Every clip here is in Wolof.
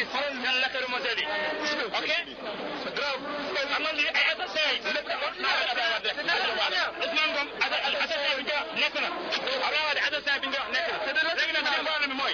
الذي فرضا لك المثالي اوكي جراو اما لي اي اساس ساي اسمعكم اساس ساي بنجا نكنا اراد اساس ساي بنجا نكنا رجنا بالمال موي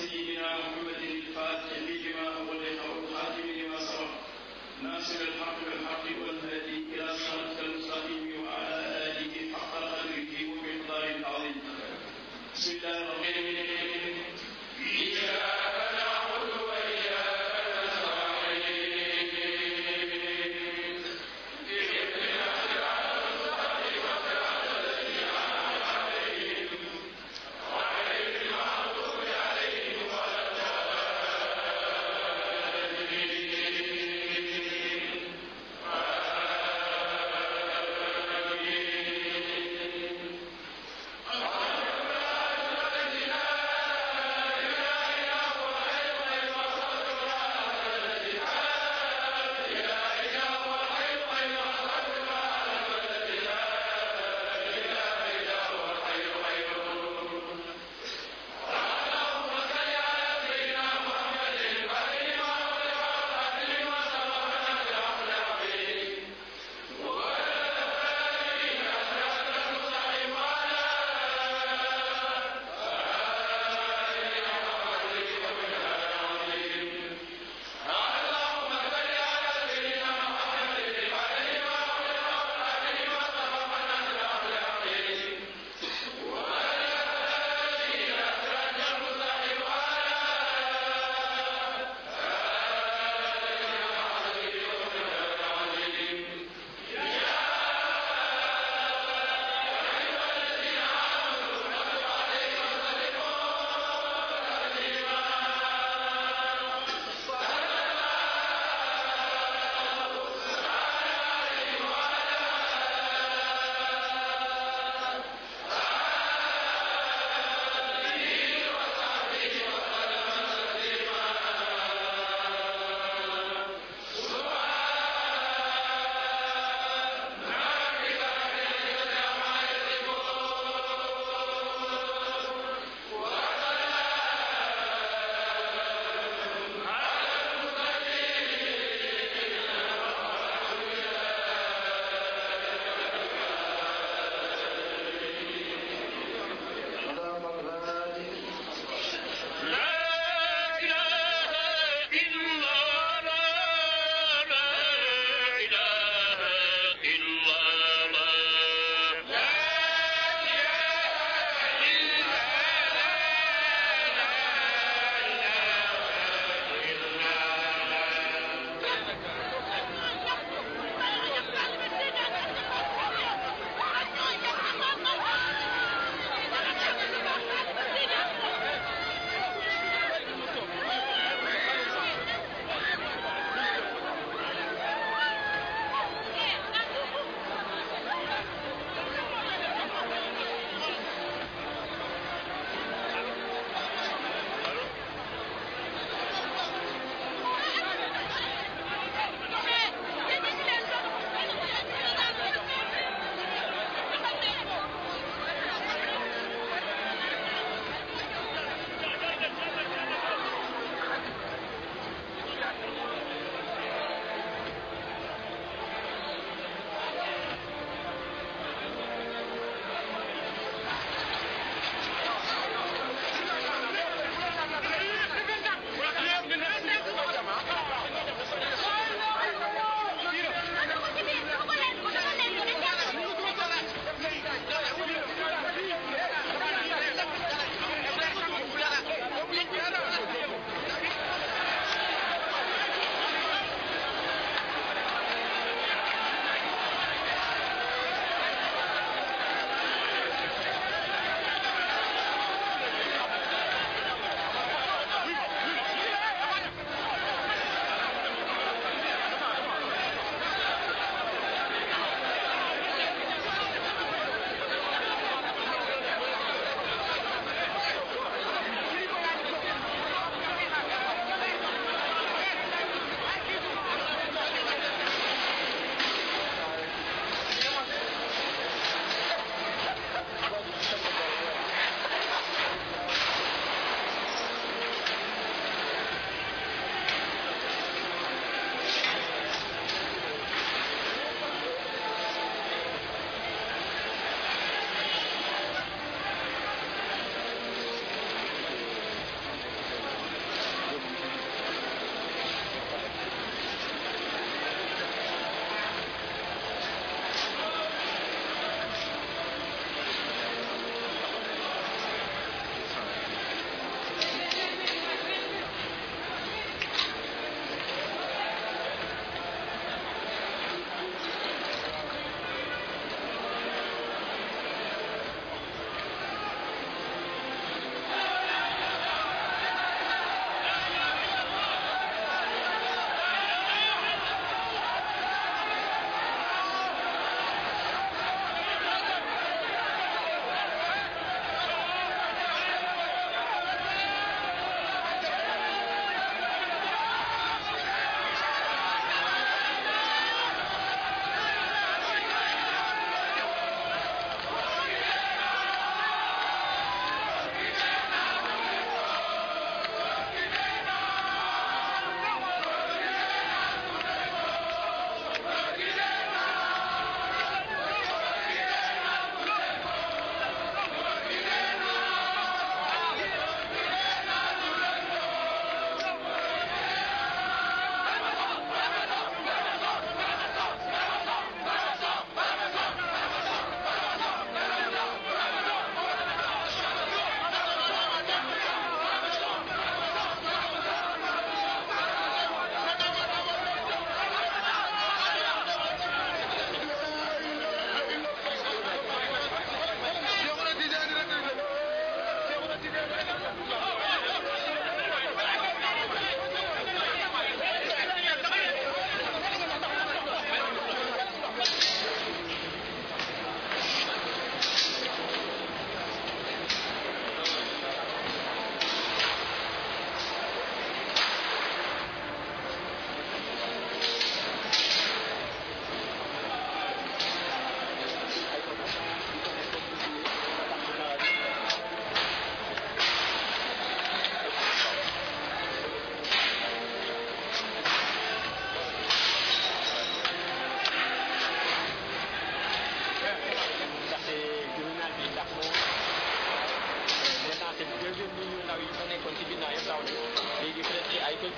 سيدنا محمد الفاتح لما أغلق والخاتم لما سبق ناصر الحق بالحق والهادي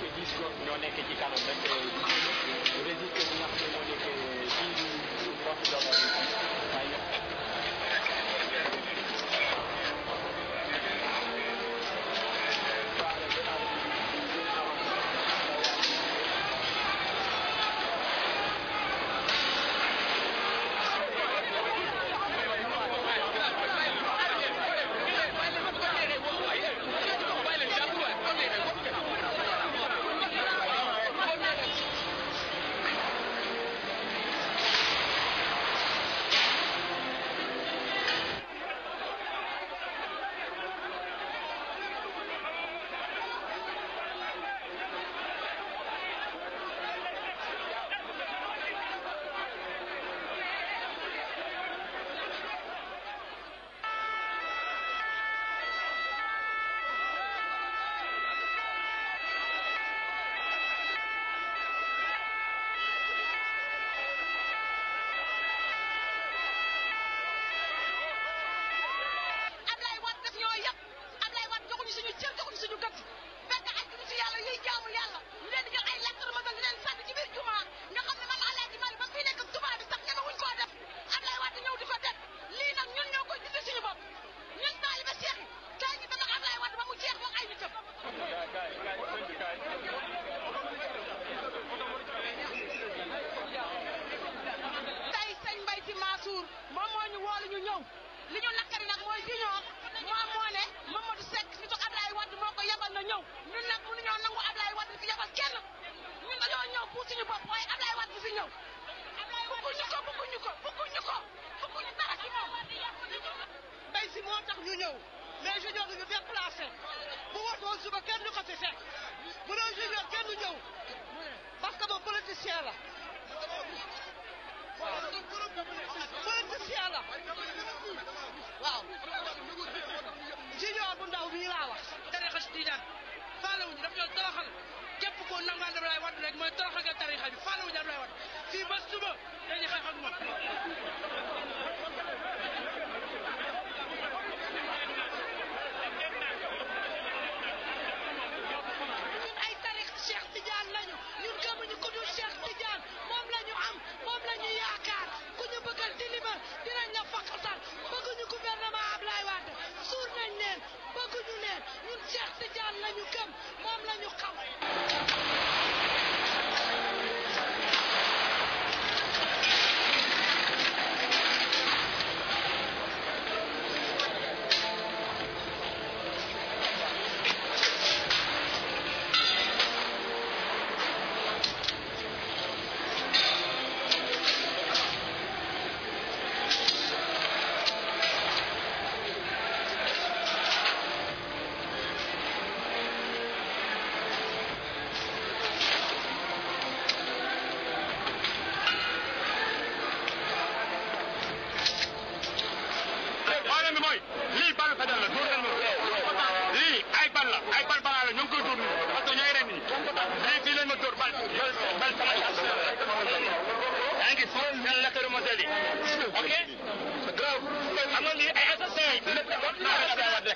que dix gox ñoo nekk ci kanam rek résultat bi nga xam ne moo nekk ku fi ñëw bëgguñu ko bëgguñu ko bëgguñu ko bëgguñu dara ci moom mbay si moo tax ñu ñëw mais junior ñu déplacé bu woote woon suba kenn du ko fi fekk bu doon junior kenn du ñëw parce que moom politicien la politicien la waaw junior bu ndaw bii laa wax tarixa si tiidaan faalewuñu daf ñoo toroxal képp koo nangaan Abdoulaye Wade rek mooy toroxal nga tarixa bi fàlluwuñu Abdoulaye Wade fii ba suba dañuy xeex ak moom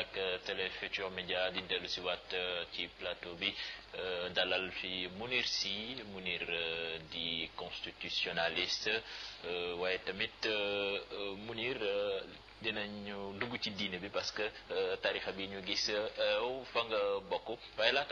ak euh, Télé Futurs Médias di dellu si waat euh, ci plateau bi euh, dalal fi Mounir Sy Mounir di constitutionnaliste waaye tamit Mounir dinañu dugg ci diine bi parce que tarixa bi ñu gis fa nga bokk waaye laata